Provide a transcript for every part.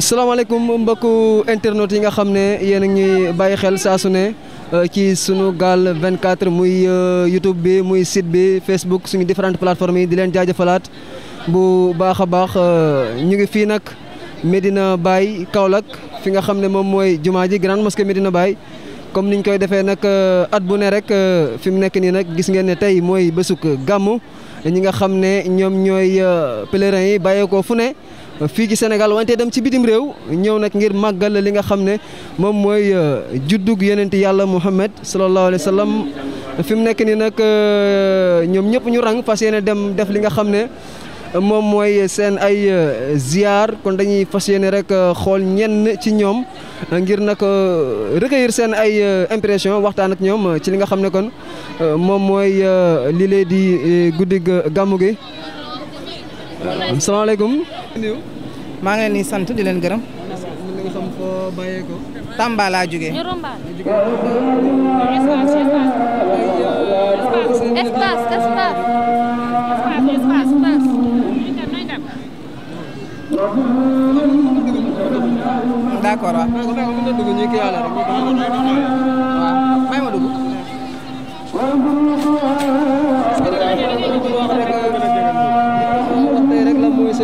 salaamaaleykum mbokku internet yi nga xam ne yéen a ngi bàyyi xel saa su ne euh, ci sunu gaal 24 muy euh, YouTube bi muy site bi Facebook suñu différentes platforme yi di leen jaajëfalaat bu baax a baax euh, ñu ngi fii nag Medina Baye Kaolack fi nga xam ne moom mooy jumaa ji grande mosquée Medina Baye comme ñu koy defee nag at bu ne rek fi mu nekk nii nag gis ngeen ne tey mooy bésug gàmmu ñi nga xam ne ñoom ñooy pèlerins yi bàyyeekoo fu ne. fii ci Sénégal wante dem ci bitim réew ñëw nag ngir màggal li nga xam ne moom mooy euh, juddug yonent yàlla Muhammad sallallahu alayhi wa sallam fi mu nekk nii nag euh, ñoom ñëpp ñu rang fas yéene dem def li nga xam ne moom mooy seen ay euh, ziar kon dañuy fas yéene rek xool ñenn ci ñoom ngir nag recueillir seen ay impression waxtaan ak ñoom ci li nga xam ne kon moom mooy lii lay di guddig gàmmu gi asalaamaaleykum maa ngi leen di sant di leen gërëm. Tamba laa jógee.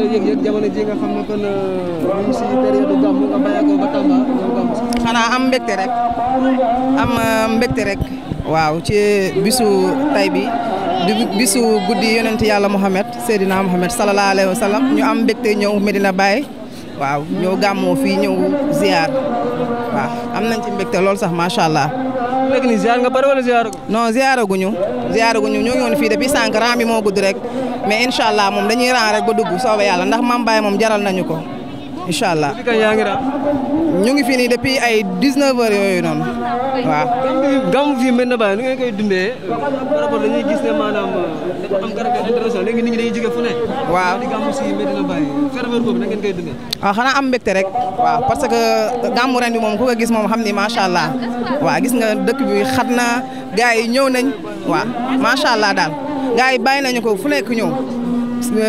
yëg-yëg jamono ji nga xam ne kon euh, ñu am mbégte rek am euh, mbégte rek waaw ci bisu tay bi di bisu guddi yonent yàlla Mouhamed Seydina Mouhamed sallallahu alayhi wa sallam ñu am mbégte ñëw Medina Baye waaw ñëw gàmmoo fii ñëw ziar waaw am nañ ci mbégte lool sax macha allah. fekk ni ziar nga pare wala ziar ko fii depuis bi moo gudd rek mais incha allah moom dañuy ran rek ba dugg soobee yàlla ndax maam Baye moom jaral nañu ko incha allah ñu ngi fii nii depuis ay 19 heures yooyu noonu waaw. gàmmu fii mel na bàyyi nu ngeen koy dundee par rapport dañuy gis ne maanaam ah, rek. parce que gàmmu ren bi moom ku ko gis moom xam ni macha allah waaw gis nga dëkk bi xat na gars yi ñëw nañ waaw macha allah daal gars yi nañu ko fu nekk ñëw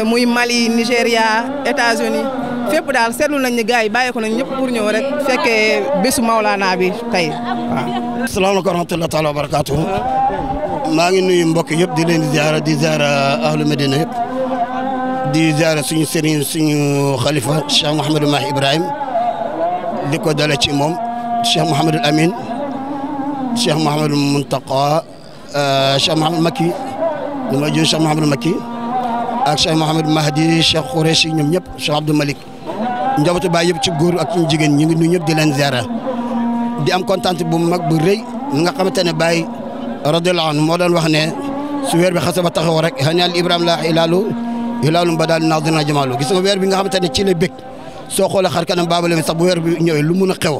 muy Mali Nigéria États-Unis fépp daal seetlu nañ ne gars yi bàyyi ko nañ ñëpp pour ñëw rek fekkee bésu Maolana bi tey waaw. asalaamaaleykum wa rahmatulah taala wa ngi nuyu mbokk yëpp di leen di ziara di ziara ahlu Medina yëpp di ziara suñu sëriñ suñu xalifa Cheikh Mouhamadou Mahi Ibrahim di ko dale ci moom Cheikh Mouhamadou Amin Cheikh Mouhamadou Muntaqa ma euh, jëm Cheikh ak Cheikh Mouhamadou Mahdi Cheikh Khourechi ñoom ñëpp Cheikh Abdou Malik njabootu baay yëpp ci góor ak jigéen ñi ngi nuyu ñëpp di leen ziara di am kontaan bu mag bu rëy mi nga xamante ne baay radiyallahu anhu moo doon wax ne su weer bi xasee ba taxaw rek xëy na Ibrahima laa ilaalu ilaalu ba daal naaw dina jamaalu gis nga weer bi nga xamante ne ci la bëgg soo xoolee xar kanam baaba la sax bu weer bi ñëwee lu mun a xew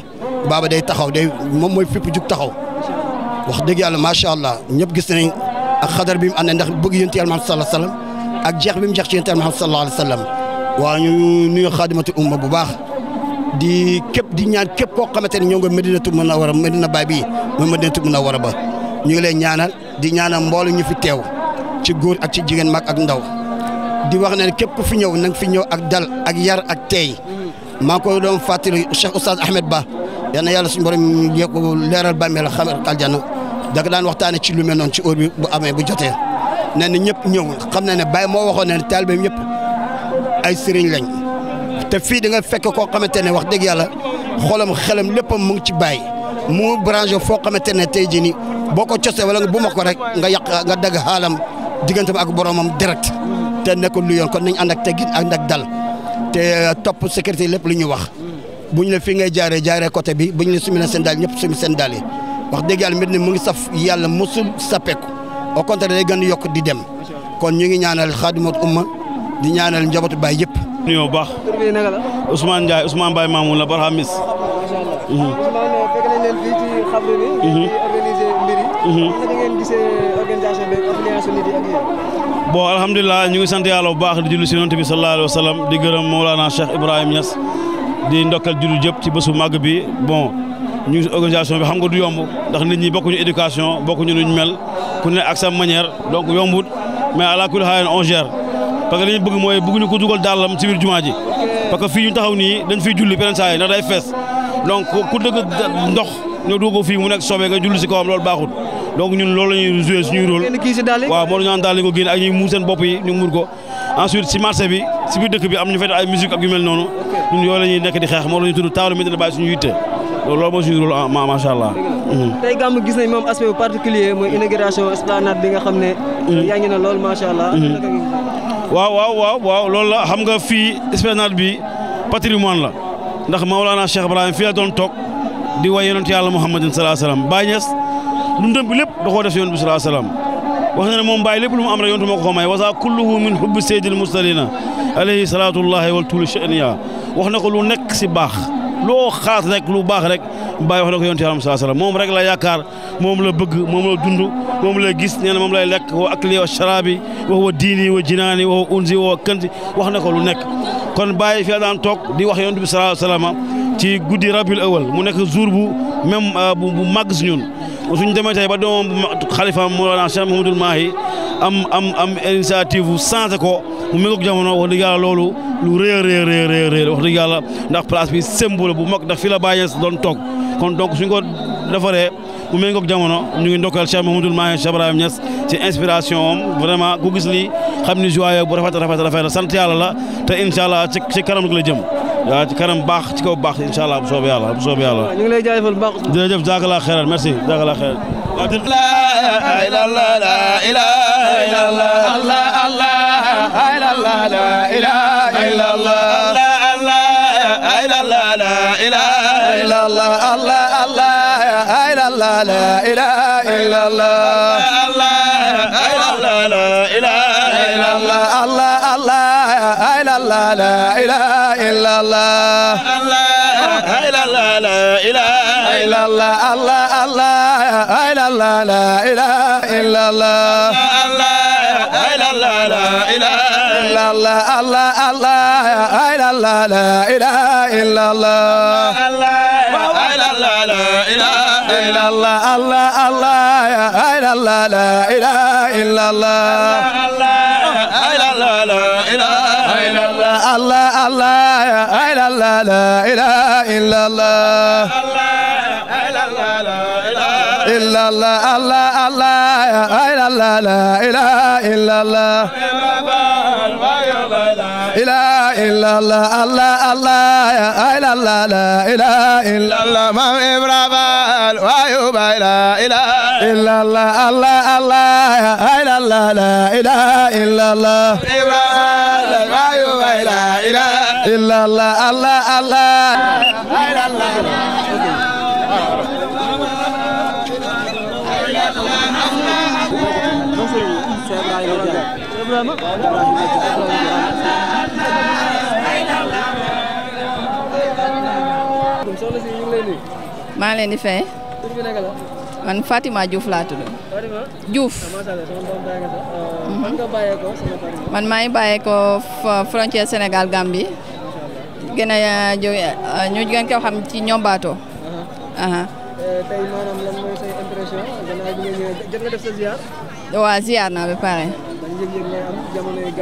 baaba day taxaw day moom mooy fipp jug taxaw wax dëgg yàlla macha allah ñëpp gis nañ ak xadar bi mu ànd ndax bëgg yonent Yàlla Muhammad sallallahu alayhi wa bi mu jeex ci yonent Yàlla Muhammad sallallahu alayhi wa waa ñu nuyu xaadimatu umma bu baax di képp di ñaan képp koo xamante ni ñoo nga Medinatu Munawwara Medina Baay bi mooy Medinatu Munawwara ba ñu ngi leen ñaanal di ñaanal mboolu ñu fi teew ci góor ak ci jigéen mag ak ndaw di wax ne képp fi ñëw na fi ñëw ak dal ak yar ak teey maa ngi ko doon fàttali Cheikh Oustaz Ahmed Ba yal na yàlla suñu borom yokk leeral bàmmeel xamal aljana da nga daan waxtaanee ci lu mel noonu ci heure bi bu amee bu jotee nee na ñëpp ñëw xam na ne Baye moo waxoon ne taalibe yëpp ay sëriñ lañ te fii di nga fekk koo xamante ne wax dëgg yàlla xolam xelam léppam mu ngi ci bàyyi mu branché foo xamante ne tey jii nii boo ko cosee wala nga bu ma ko rek nga yàq nga dagg xaalam digganteem ak boromam direct te nekkul lu yoon kon nañ ànd ak teggin ànd ak dal te euh, top sécurité lépp lu ñu wax bu ñu la fii ngay jaaree jaaree côté bi bu ñu la sumina seen ñëpp sumi seen daal yi wax dëgg yàlla mbir ne mu ngi saf yàlla mosul sappeeku o contraire day gën yokk di dem kon ñu ngi ñaanal xaadimat di ñaanal njabootu baay yëpp. nuyoo bu baax. tur bi naka la. la Barhamis. macha allah. Ousmane mhm. mhm. ñu ngi sant yàlla bu baax di julli si yonent bi sallallahu alayhi di gërëm Mawlana Cheikh Ibrahim Niass di ndokkal julli jëpp ci bésu màgg bi bon ñu ngi bi xam nga du yomb ndax nit ñi bokkuñu éducation bokkuñu nuñ mel ku ne ak sa manière donc yombut mais à la kulli on gère. parce que li ñu bëgg mooy bëgguñu ko dugal dàllam ci biir jumaa ji parce fii ñu taxaw nii dañ fiy julli beneen saa yi day fees donc ku dëgg ndox ñoo dugg ko fii mu nekk soobee nga julli si kawam loolu baaxul donc ñun loolu la ñuy joué suñuy rôle waaw moo ñu an daal ko génn ak ñuy muur seen ñu muur ko si marché bi si biir dëkk bi am ñu fete ay musique ak yu noonu ñun yooyu la ñuy nekk di xeex moo la tudd taaru Médina Baye suñu yitte loolu mooy suñu ah, ma macha allah. Mm-hmm. tey gàmm gis nañ moom aspect mooy inauguration ne. Mm-hmm. yaa ngi ne waaw waaw waaw waaw loolu la xam nga fii esplanade bi patrimoine la ndax Maolana Cheikh Ibrahim fii la doon toog di way yonent yàlla Muhammadin salaa salaam Baay Ñas dundam bi lépp da koo def si yonent bi salaa salaam wax na ne moom Baay lépp lu mu am rek yonent moo ko ko may wasa kulluhu min hubbi seydil mursalina alayhi salaatullahi wal tuuli shaniya wax na ko lu nekk si baax loo xaat rek lu baax rek Baay wax na ko yonent yàlla moom rek la yaakaar moom la bëgg moom la dund moom la gis nee na moom lay lekk wa akli wa sharaabi wa huwa diini wa jinaani wa huwa unzi wa huwa kanzi wax na ko lu nekk kon bàyyi fi daan toog di wax yonent bi sallallahu alayhi wa ci guddi rabiul awal mu nekk jour bu même euh, bu màgg si ñun suñ demee tey ba doomam xalifaam Mawlana Cheikh Mouhamadoul Mahi am am am initiative bu changé ko mu méngoog jamono wax dëgg yàlla loolu lu rëy a wax dëgg yàlla ndax place bi symbole bu mag ndax fi la bàyyi doon toog kon donc suñ ko defaree bu méngoog jamono ñu ngi ndokkal Cheikh Mouhamadoul Mahi Cheikh Ibrahim Niass ci inspiration am vraiment ku gis lii xam ni joie bu rafet rafet rafet la sant yàlla la te incha allah ci ci kanam la jëm waaw ci kanam baax ci kaw baax incha allah bu soobee yàlla bu soobee yàlla. ñu ngi lay jaajëfal baax. jërëjëf jaakalaa xeeral merci jaakalaa xeeral. la ilaha illallah الله لا إله إلا الله الله لا إله إلا الله الله الله إلا الله لا إله إلا الله الله إلا الله لا إله إلا الله الله الله إلا الله لا إله إلا الله الله إلا الله لا إله إلا الله الله الله إلا الله لا إله إلا الله الله إلا الله لا إله إلا الله الله الله لا إله إلا لا إله إلا الله لا إله إلا الله لا إله إلا الله إلا الله الله الله إلا الله لا إله إلا الله إلا إلا الله الله الله إلا الله لا إله إلا الله ما إبراهيم وأيوب لا إله إلا الله الله الله إلا الله لا إله إلا الله إبراهيم وأيوب لا إله إلا الله الله الله maa ngi leen di fay man Fatima Diouf laa tudd Diouf man maa ngi bàyyee ko frontière Sénégal Gambie gën a ah, jóge ah, ñu gën ko xam ci ñombaato uh-huh. Uh-huh. Eh, tey maanaam lan mooy say impression gannaaw bi nga ñëwee naa ba pare.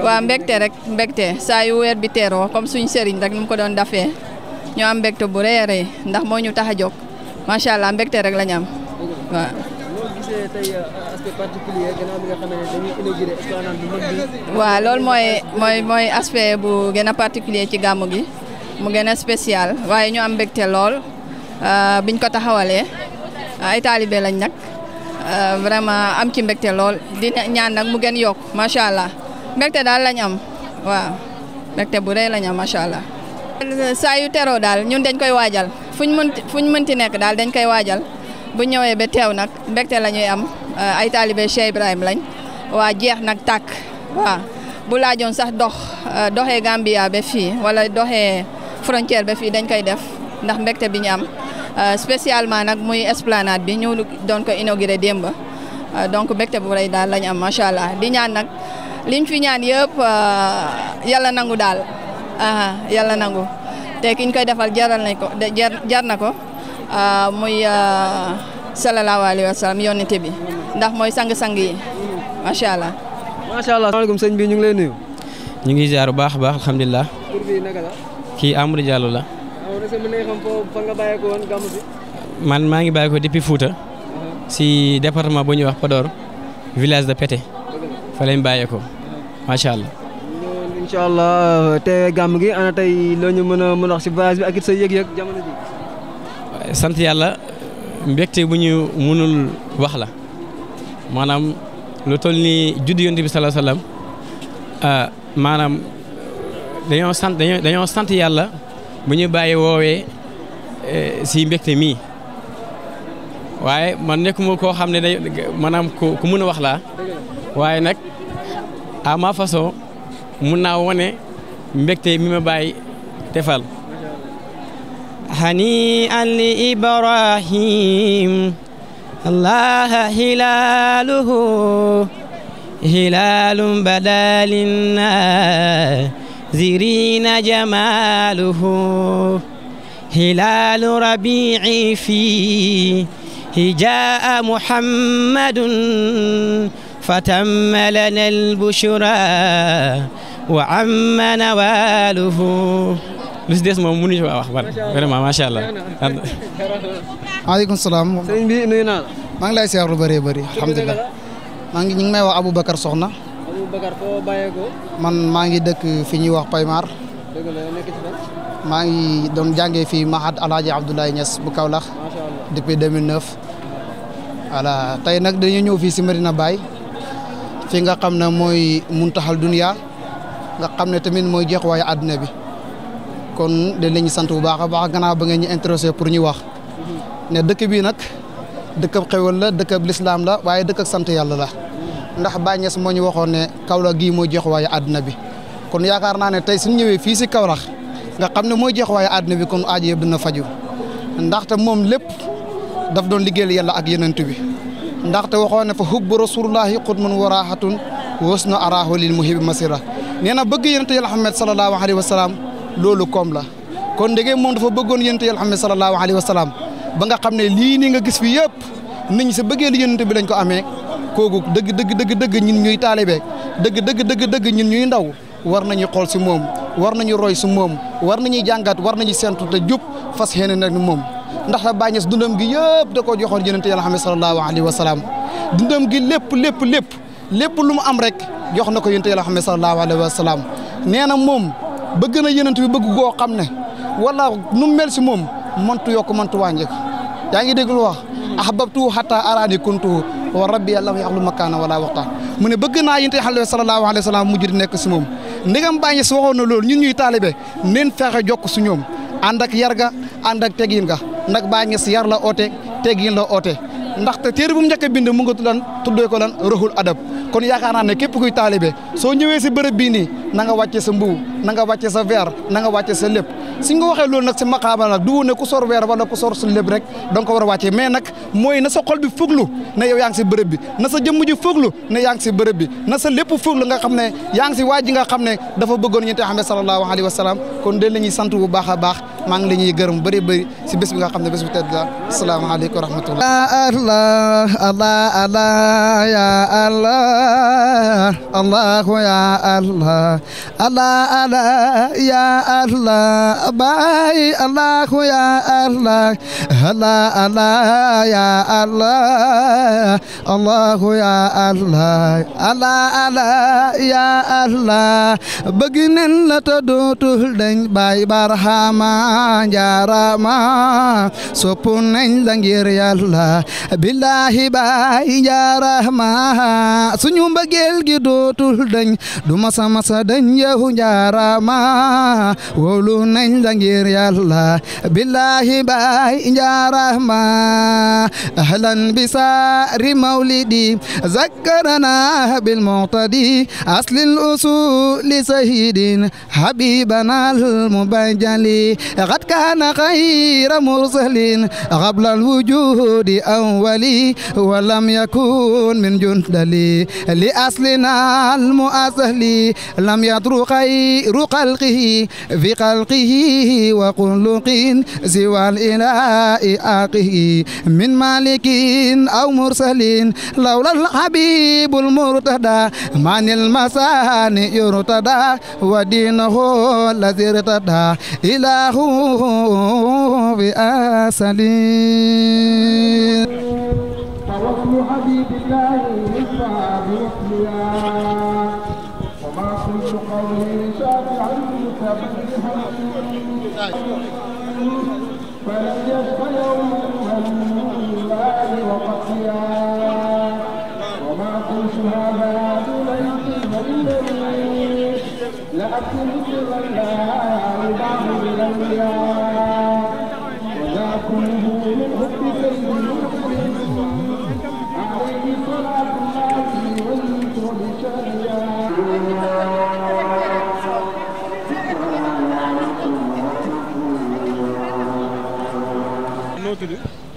waaw mbégte rek mbégte saayu yu weer bi teeroo comme suñu sëriñ rek nu mu ko doon dafee ñu am mbégte bu rëy a rëy ndax moo ñu tax a jóg macha allah mbégte rek la ñu am waaw. loolu mooy mooy mooy aspect bu gën a particulier ci gàmmu gi mu gën a spécial waaye ñu am mbégte lool euh, biñ ko taxawalee ay taalibe lañ nag euh, vraiment am ci mbégte lool di ñaan nag mu gën yokk macha allah. mbégte daal lañ am waaw mbégte bu rëy lañ am macha allah. saa yu teroo daal ñun dañ koy waajal fuñ mën fuñ mënti nekk daal dañ koy waajal bu ñëwee ba teew nag mbégte la ñuy am euh, ay taalibe Cheikh Ibrahim lañ waa jeex nag tàkk waaw bu laajoon sax dox euh, doxe Gambia ba fii wala doxee frontière ba fii dañ koy def ndax mbégte bi ñu am euh, spécialement nag muy esplanade bi ñu doon ko inauguré démb donc mbégte bu rëy daal lañu am macha allah di ñaan nag. liñ fi ñaan yëpp euh, yàlla nangu daal yàlla nangu te kiñ koy defal jaral nañ ko jar na ko euh, muy euh, sallallahu alayhi wa yoon yonente bi ndax mooy sang-sang yi macha allah. macha allah asalaamaaleykum sëñ bi ñu ngi lay nuyu. ñu ngi jaar bu baax a baax alhamdulilah. kii Amadou Diallo la. Ah, man maa ngi bàyyi ko depuis Fouta. si département bu ñuy wax Podor village de Pété fa lañ bàyyeekoo. macha allah. incha allah euh, teewee gàmm gi ana tey loo ñu mën a mën a wax si voyage bi ak it sa yëg-yëg jamono ji. sant yàlla mbégte bu ñu mënul wax la maanaam lu toll nii juddu yonent bi sallallahu alayhi euh, maanaam dañoo sant dañoo sant yàlla bu ñu bàyyi woowee si euh, mbégte mii waaye man nekkuma koo xam ne day ku ku mën wax laa waaye nag. à ma façon mun naa wone mbégte mi ma bàyyi defal hani li ibrahim allaha hilaaluhu hilaalum badalina zirina jamaaluhu hilaalu rabi'i fi hijaa muhammadun فتم لنا البشرى وعم نواله lu si des moom mënuñu ko wax bari vraiment macha allah. maaleykum salaam. sëñ bi la. maa ngi lay seetlu lu bëree bëri alhamdulilah. maa ngi ñu ngi may wax Aboubacar Soxna. Aboubacar man maa ngi dëkk fi ñuy wax Paymar. dëgg la nekk ci maa ngi doon jàngee fii Mahad El Hadj Abdoulaye Niass bu Kaolack. macha allah depuis 2009. tey nag dañu ñëw fii si Medina bay fi nga xam ne mooy muntaxal duniya nga xam ne tamit mooy jeexuwaayu àdduna bi kon dañ lañu sant bu baax a baax gannaaw ba ngeen ñu intéressé pour ñu wax ne dëkk bii nag dëkkab xewal la dëkkab lislaam la waaye dëkk ak sant yàlla la ndax Baay moo ñu waxoon ne Kaolack gii mooy jeexuwaayu àdduna bi kon yaakaar naa ne tey suñu ñëwee fii si Kaolack nga xam ne mooy jeexuwaayu àdduna bi kon aajo yëpp dina faju ndaxte moom lépp daf doon liggéeyal yàlla ak yonent bi ndaxte waxoon na fa hubbu rasulullahi qudmun wa raahatun wasnu araahu lil muhibi masira nee na bëgg yonente yàlla Muhammad sallallahu alayhi wa salaam loolu koom la kon ndege moom dafa bëggoon yonente yàlla Muhammad sallallahu alayhi wa salaam ba nga xam ne lii nii nga gis fi yëpp nit ñu si bëggee li yonente bi lañ ko amee kooku dëgg dëgg dëgg dëgg ñun ñuy taalibe dëgg dëgg dëgg dëgg ñun ñuy ndaw war nañu xool si moom war nañu roy si moom war na nañuy jàngat war nañu sentu te jub fas yéene nag ni moom ndax Baay Ñas dundam gi yëpp da koo joxoon yonent Yàlla Muhammad sallallahu alayhi wa salaam dundam gi lépp lépp lépp lépp lu mu am rek jox na ko yonent Yàlla Muhammad sallallahu alayhi wa salaam nee na moom bëgg na yonent bi bëgg goo xam ne wala nu mel si moom mëntu yokk mëntu waa ko yaa ngi dégg lu wax ahbabtu hatta araani kuntu wa rabbi yàlla yaxlu makaana wala waxtaan mu ne bëgg naa yonent Yàlla sallallahu alayhi wa salaam mu di nekk si moom ndegam Baay Ñas na loolu ñun ñuy taalibe neen fexe jokk su ñoom ànd ak yar ga ànd ak tegin ga nag baa ngees yar la oote teggin la oote ndaxte téere bu mu njëkk bind mu nga lan tuddee ko lan ruhul adab kon yaakaar naa ne képp kuy taalibe soo ñëwee si bërëb bii nii na nga wàcce sa mbubu na nga wàcce sa verre nanga nga wàcce sa lépp si nga waxee loolu nag si maqaama nag du woon ne ku sor weer wala ku sor su lépp rek da nga war a wàcce nag mooy na sa xol bi fuglu ne yow yaa ngi si bërëb bi na sa jëmm ji fuglu ne yaa ngi si bërëb bi na sa lépp fuglu nga xam ne yaa si waa ji nga xam ne dafa bëggoon ñeente Muhammad sallallahu alayhi wa sallam kon de la ñuy sant bu baax a baax maa ngi la ñuy bëri bëri si bés bi nga xam ne bés bu tedd la asalaamaaleykum wa rahmatullah ya allah allah allah ya allah allahu allah ya allah allah ya allah allah ya allah bëgg nañ la ta dootul dañ baay barhama njaarama soppu nañ la ngir yàlla billahi baay njaarama suñu mbëggeel gi dootul dañ du masa masa dañ yow njaarama wóolu nañ la ngir yàlla billahi baay njaarama ahlan bi mawlidi zakkarana bil muqtadi aslil usuli sayidin habibana al mubajjali لقد كان خير مرسل قبل الوجود أولي ولم يكن من جندلي لأصلنا المؤسهل لم يطر خير خلقه في خلقه وخلق سوى الإله آقه من مالك أو مرسل لولا الحبيب المرتدى من المسان يرتدى ودينه الذي ارتدى إله بأسلي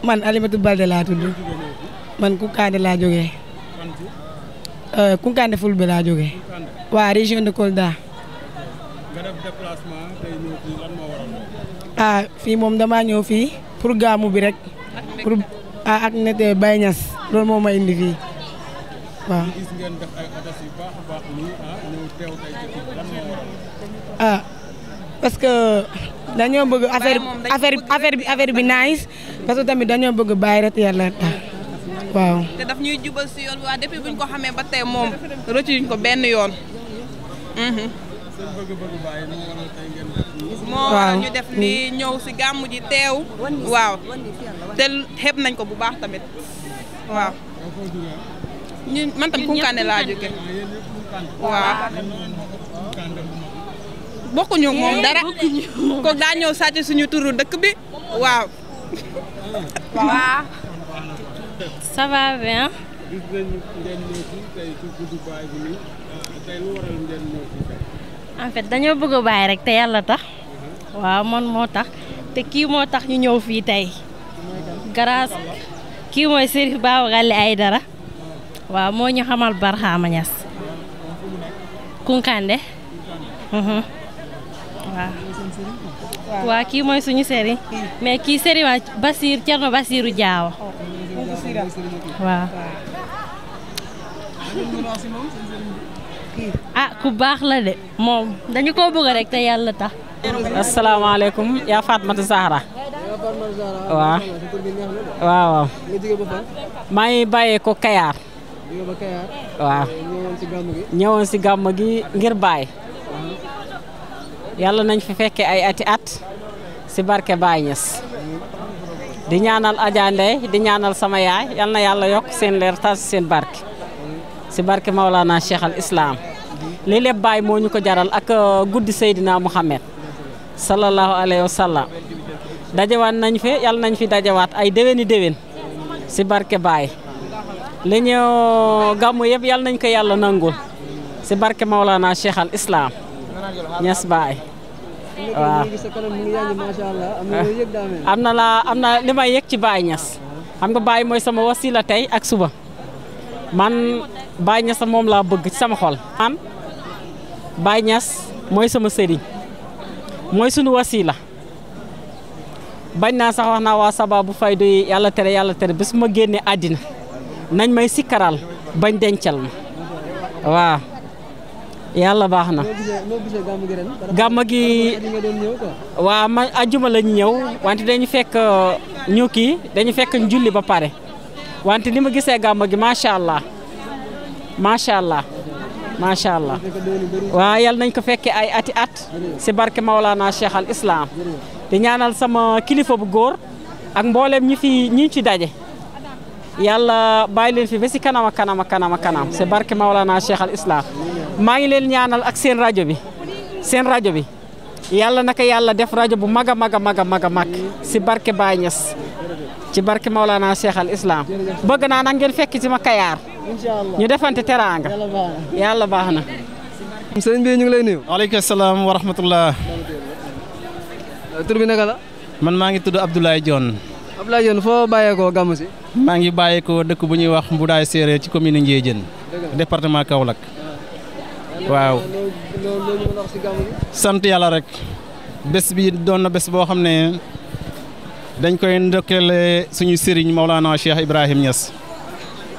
man Alimatu Balde laa tudd man Koukandé laa jógee euh, Koukandé Fulbe laa jógee waa région de Kolda fii ah fii moom damaa ñëw fii pour gaamu bi rek pour ah ak nete Baye Niass loolu moo ma indi fii ah ñëw ah, parce que dañoo bëgg affaire affaire affaire bi affaire bi nice parce que tamit dañoo bëgg bàyyi rek yàlla tax waaw. te daf ñuy jubal benn yoon. Mhm. moo waral ñu def ni ñëw si gàmm ji teew. waaw te xeeb nañ ko bu baax tamit waaw. ñu man tam Koukandé laa jóge waaw. bokkuñu moom dara ko daa ñëw sàcc suñu turu dëkk bi waaw. Euh, waaw. en dañoo bëgg a bàyyi rek te yàlla tax waaw man moo tax te kii moo tax ñu ñëw fii tey garaas kii mooy Serif Babacar ay dara waaw moo ñu xamal Barhama Niass Kunkande mhm. waaw kii mooy suñu sëriñ mais kii sëriñ waa Basir Cerno Basiru Jaawa waaw ah ku baax la de moom dañu koo bëgg rek te yàlla tax. asalaamaaleykum yaa mat Zahra. waaw waaw. maa ngi bàyyee ko Kayaar. waaw. ñëwoon si gàmm gi ngir baay. yàlla nañ fi fekkee ay ati at si barke Baay Ñas di ñaanal Adja di ñaanal sama yaay yal na yàlla yokk seen leer tas seen barke si barke Maulana Cheikh islaam lii lépp bàyyi moo ñu ko jaral ak euh, guddi Seydina Mouhamed sallallahu alayhi wa sallam dajawaat nañ fi yàlla nañ fi dajawaat ay déwéni déwén si baay Baye li ñu euh, gàmmu yëpp yàlla nañ ko yàlla nangul si barke Maolana Cheikh al Islam ñes Baye waaw am na laa am na li may yeg ci Baye Niass xam nga Baye mooy sama wasila tey ak suba man Baye Niass moom laa bëgg ci sama xol man baa Niass mooy sama sëriñ mooy sunu wasila bañ naa sax wax naa waa sababu faydu yi yàlla tere yàlla tere bés ma génnee àddina nañ may sikkaral bañ dencal ma waaw yàlla baax na gàmm gi waaw ma ajjuma la ñu ñëw wante dañu fekk uh, ñu kii dañu fekk njulli ba pare wante ni ma gisee gàmm gi macha allah macha macha allah waaw yal nañ ko fekkee ay ati at si barke Maolana Cheikh al Islam di ñaanal sama kilifa bu góor ak mboolem ñi fi ñi ci daje yàlla bàyyi leen fi ba si kanam a kanam a kanam kanam si barke Maolana Cheikh al Islam maa ngi leen ñaanal ak seen rajo bi seen rajo bi yàlla naka yàlla def rajo bu mag a mag a mag a mag si barke Baye ci barke Maolana Cheikh al Islam bëgg naa nag ngeen fekk ci ma Kayaar. ñu defante teraanga. yàlla baax na. sëñ bi ñu ngi salaam wa rahmatullah. bi naka man maa ngi tudd Abdoulaye Dione. Abdoulaye Dione foo bàyyeekoo gàmmu si. maa ngi bàyyeekoo dëkk bu ñuy wax Mbudaay Séeréer ci commune Ndiédiène. département Kaolack. waaw. sant yàlla rek. bés bi doon na bés boo xam ne. dañ koy ndokkeele suñu sëriñ Maulana Cheikh Ibrahim Niass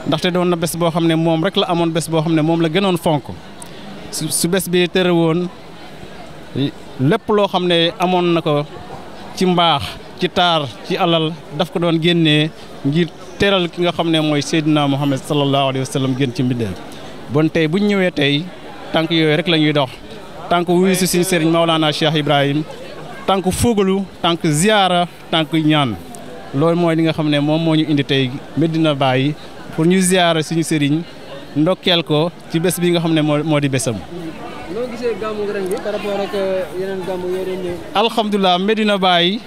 ndaxte doon na bés boo xam ne moom rek la amoon bés boo xam ne moom la gënoon fonk su bés bi tere woon lépp loo xam ne amoon na ko ci mbaax ci taar ci alal daf ko doon génnee ngir teral ki nga xam ne mooy Seydina Muhammad sallallahu alayhi wa sallam gën ci mbindeef bon tey bu ñu ñëwee tey tànk yooyu rek la ñuy dox tànk wuyu si suñu sëriñ Maulana Cheikh Ibrahim tànk fóogalu tànk ziyaara tànk ñaan loolu mooy li nga xam ne moom moo ñu indi tey Medina Baye pour ñu ziyaara suñu sëriñ ndokkeel ko ci bés bi nga xam ne moo moo di bésam. noo gisee gàmmu euh, Medina Baye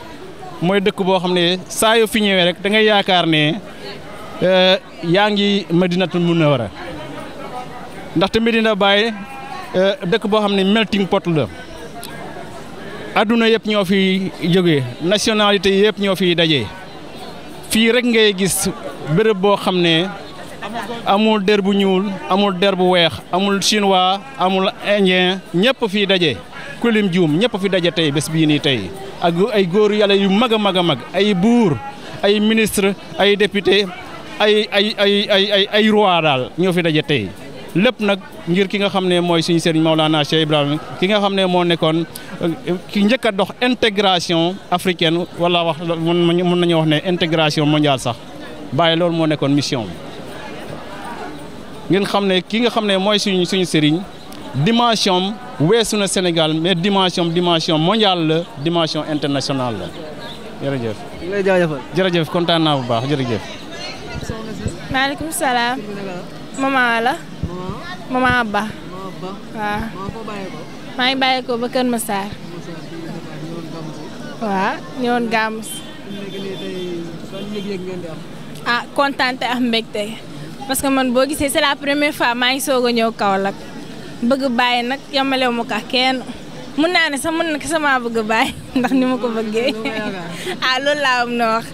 mooy dëkk boo xam ne saa yoo fi ñëwee rek dangay yaakaar ne euh, yaa ngi Medinatul Munawwara ndaxte Medina Baye euh, dëkk boo xam ne melting pot la. adduna yëpp ñoo fi jóge nationalité yëpp ñoo fiy daje fii rek ngay gis béréb boo xam ne amul der bu ñuul amul der bu weex amul chinois amul indien ñëpp fiy daje kulim juum ñëpp fi daje tey bés bii nii tey ak ay góor yàlla yu mag a mag a mag ay buur ay ministre ay député ay ay ay ay ay ay roi daal ñoo fi daje tey. lépp nag ngir ki nga xam ne mooy suñu sëriñ Maolana Cheikh Ibrahima ki nga xam ne moo nekkoon euh, ki njëkk a dox intégration africaine wala wax mën nañu wax ne intégration mondiale sax bàyyi loolu moo nekkoon mission ngeen xam ne ki nga xam ne mooy suñ suñu sëriñ dimension weesu na Sénégal mais dimension dimension mondiale la dimension internationale la jërëjëf. jërëjëf kontaan bu baax jërëjëf. maaleykum salaam. maman la. maman Ba. waaw. maa ngi bàyyeekoo ko ba Kër Massar. waaw ñëwoon Gàmmus. ah kontaan te ak mbégte parce que man boo gisee c'est la première fois maa ngi soog a ñëw Kaolack bëgg bàyyi nag yamalewu ma ko kenn mun naa ne sax mun na kese maa bëgg bàyyi ndax ni ma ko bëggee ah loolu laa ah, am na wax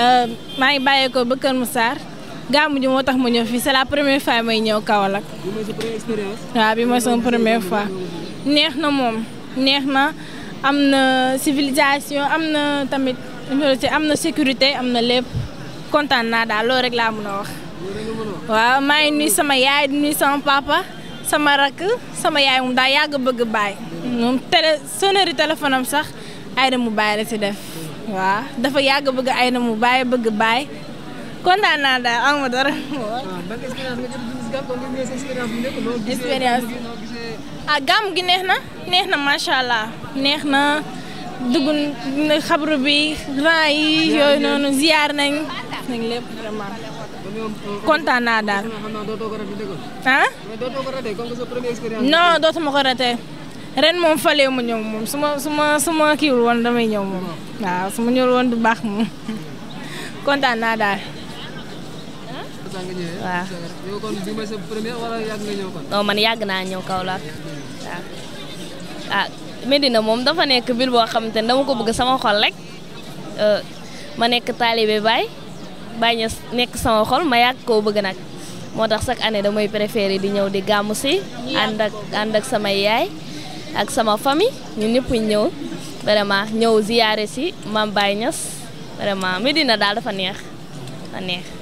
euh, maa ngi bàyyeekoo ba Kër saar gàmmu ji moo tax ma ñëw fii c'est la première fois may ñëw Kaolack. waaw bi mooy sama première fois. neex na moom neex na am na civilisation am na tamit am na sécurité am na lépp kontaan naa daal loolu rek laa mun a wax. waaw maa ngi nuyu sama yaay di nuyu sama papa sama rakk sama yaay moom daa yàgg bëgg baay moom télé sonnerie téléphone am sax Aïda Moubaye la si def. waaw dafa yàgg bëgg Aïda Moubaye bëgg bàyyi. kontaan naa daal aw ma dara. expérience ah gàmm gi neex na neex na macha allah neex na dugg xabru bi rang yi yooyu noonu ziar nañ nañ lépp vraiment kontaan naa daal. ah. non dootuma ko raté. ren moom falee mu ñëw moom su ma su ma su ma kiiwul woon damay ñëw moom waaw su ma ñëwul woon du baax moom kontaan naa daal. waaw. yow man yàgg naa ñëw Kaolack waaw ah Medina moom dafa nekk ville boo xamante ne dama ko bëgg sama xol rek euh, ma nekk taalibe Baye Baye Niass nekk sama xol ma yàgg koo bëgg nag moo tax chaque année damay préféré di ñëw di gàmmu si ànd ak sama yaay ak sama famille ñun ñëpp ñëw vraiment ñëw ziyaare si maam Baye Niass vraiment Medina daal dafa neex dafa neex.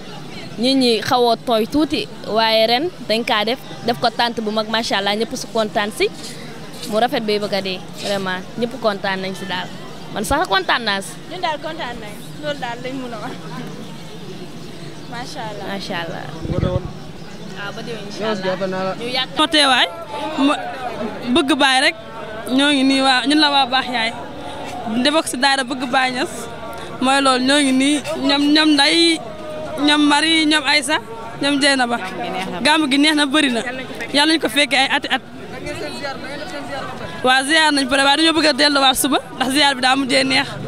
nit ñi xaw a tooy tuuti waaye ren dañ kaa def def ko tànt bu mag macha allah ñëpp su kontaan si mu rafet bay bëgg a vraiment ñëpp kontaan nañ si daal man sax kontaan naa si. daal kontaan nañ loolu daal lañ mun a wax macha allah macha allah. waaw ah, ba déwén incha baay rek ñoo ngi nii ñun la waa baax yaay defoo si daal bëgg baay ñas mooy loolu ñoo ngi nii ñam ñam nday. ñoom Marie ñoom Aïssa ñoom Dieynaba gàmm gi neex na bëri na yàlla nañu ko fekkee ay ati at waa ziar nañ pare waaye dañoo bëgg a delluwaat suba ndax ziar bi daa mujjee neex